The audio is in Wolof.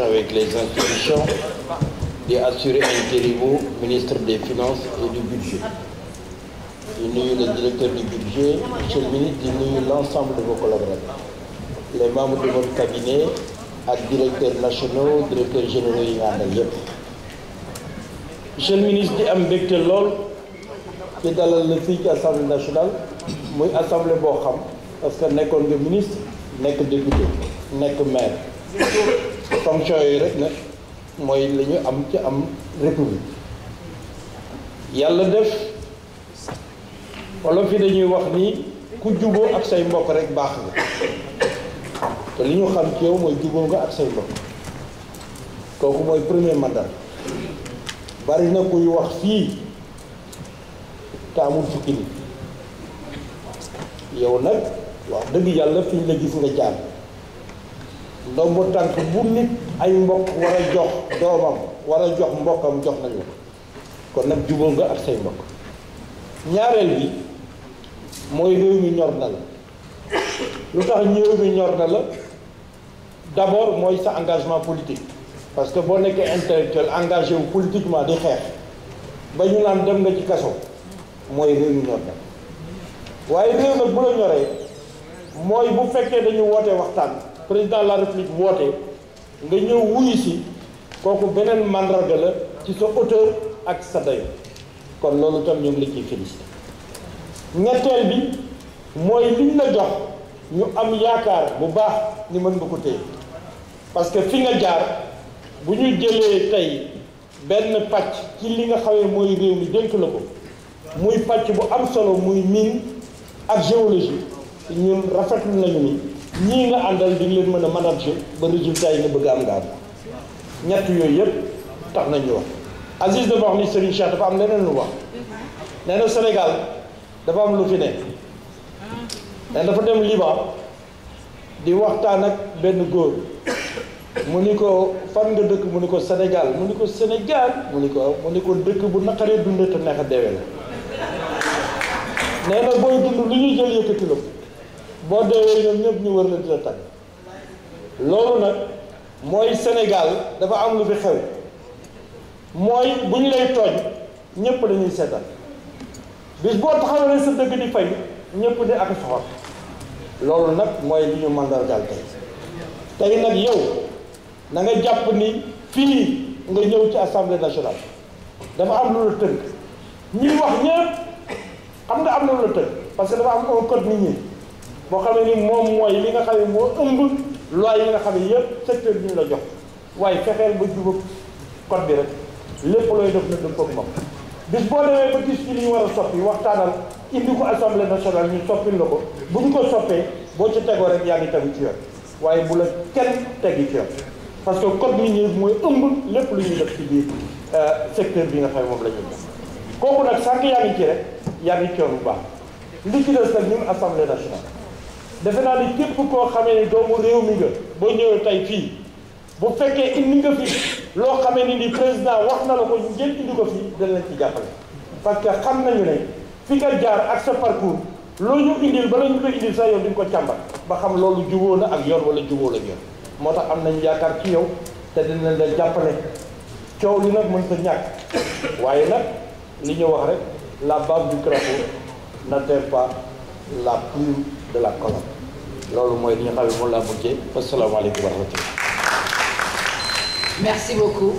avec les institutions et assurer Interimo, ministre des Finances et du Budget. eu le directeur du budget, monsieur le ministre, l'ensemble de vos collaborateurs, les membres de votre cabinet, directeurs nationaux, directeurs généraux yi nga monsieur le ministre Lol, qui dalal assemblée nationale muy assemblée boo parce que n'est qu'un ministre qu'un député qu'un maire. fonction yooyu rek nag mooy li ñu am ci am république yàlla def wolof yi dañuy wax ni ku juboo ak say mbokk rek baax na te li ñu xam ci yow mooy juboo nga ak say mbokk kooku mooy premier mandat bari na kuy wax fii te amul yow nag waaw dëgg yàlla fi ñu la gis nga jaar ndombo tànk bu nit ay mbokk war a jox doomam war jox mbokkam jox nañu ko kon nag jubal nga ak say mbokk ñaareel bi mooy réew mi ñor na la lu tax réew mi ñor na la d'abord mooy sa engagement politique parce que boo nekkee intellectuel engagé wu politiquement di xeex ba ñu naan dem nga ci kaso mooy réew mi ñor na la waaye réew nag bu la ñoree mooy bu fekkee dañu woote waxtaan président de la république woote nga ñëw wuyu si kooku beneen mandarga la ci sa hauteur ak sa dayo kon loolu tam ñu ngi la ciy félicité ñetteel bi mooy liñ na jox ñu am yaakaar bu baax ni mën nga ko téye parce que fi nga jaar bu ñu jëlee tey benn pàcc ci li nga xamee mooy réew mi dénk la ko muy pàcc bu am solo muy mine ak géologie ñun rafetlu nañu ni ñii nga andal di leen mën a manager ba résultat yi nga bëgg am nga am ñett yooyu yëpp tax nañu wax Aziz dafa wax ni Serigne Cheikh dafa am leneen lu wax nee na Sénégal dafa am lu fi ne nee dafa dem Liban di waxtaan ak benn góor mu ni ko fan nga dëkk mu ni ko Sénégal mu ni ko Sénégal mu ni ko mu ni ko dëkk bu naqaree dund te neex a deewee la nee na booy dund lu ñuy jël yëkkati la boo deewee ñoom ñëpp ñu wër la di la tàgg loolu nag mooy Sénégal dafa am lu fi xew mooy bu ñu lay tooñ ñëpp dañuy seetal bis boo taxawee sa dëgg di fay ñëpp di ak soxor loolu nag mooy lu ñu mandargal tey tey nag yow na nga jàpp ni fii nga ñëw ci assemblée nationale dafa am lu la tënk ñuy wax ñëpp xam nga am na lu la tënk parce que dafa am ko code nit ñi boo xamee ne ni moom mooy li nga xam ne moo ëmb loi yi nga xam ne yëpp secteur bi ñu la jox waaye fexeel ba jubab code bi rek lépp looy def na dëppoog moom bis boo demee ba gis ci li ñu war a soppi waxtaanal indi ko assemblée nationale ñu soppil la ko bu ñu ko soppee boo ci tegoo rek yaa ngi tegu ci yoon waaye bu la kenn tegi ci yoon parce que code mi ñu mooy ëmb lépp lu ñuy def ci biir euh, secteur bi nga xam ne moom la ñuy kooku nag sànq yaa ngi ci rek yaa ngi ci yoon bu baax li ci des defe naa ni képp koo xamee ni doomu réew mi nga boo ñëwee tey fii bu fekkee indi nga fi loo xamee ni nii président wax na la ko ngeen indi ko fii dana lañ ci jàppale parce que xam nañu ne fi nga jaar ak sa parcours loo ñu indil ba ñu ko indil sa yoon di ko càmbar ba xam loolu juboo na ak yoon wala juboo la yoon moo tax am nañu yaakaar ci yow te dinañ la jàppale coow li nag mën sa ñàkk waaye nag li ñu wax rek la base du crapaud n'atteint pas la plume de la colonne loolu mooy li nga xam ne moom laa bëggee asalaamaaleykum wa rahmatulah. merci beaucoup.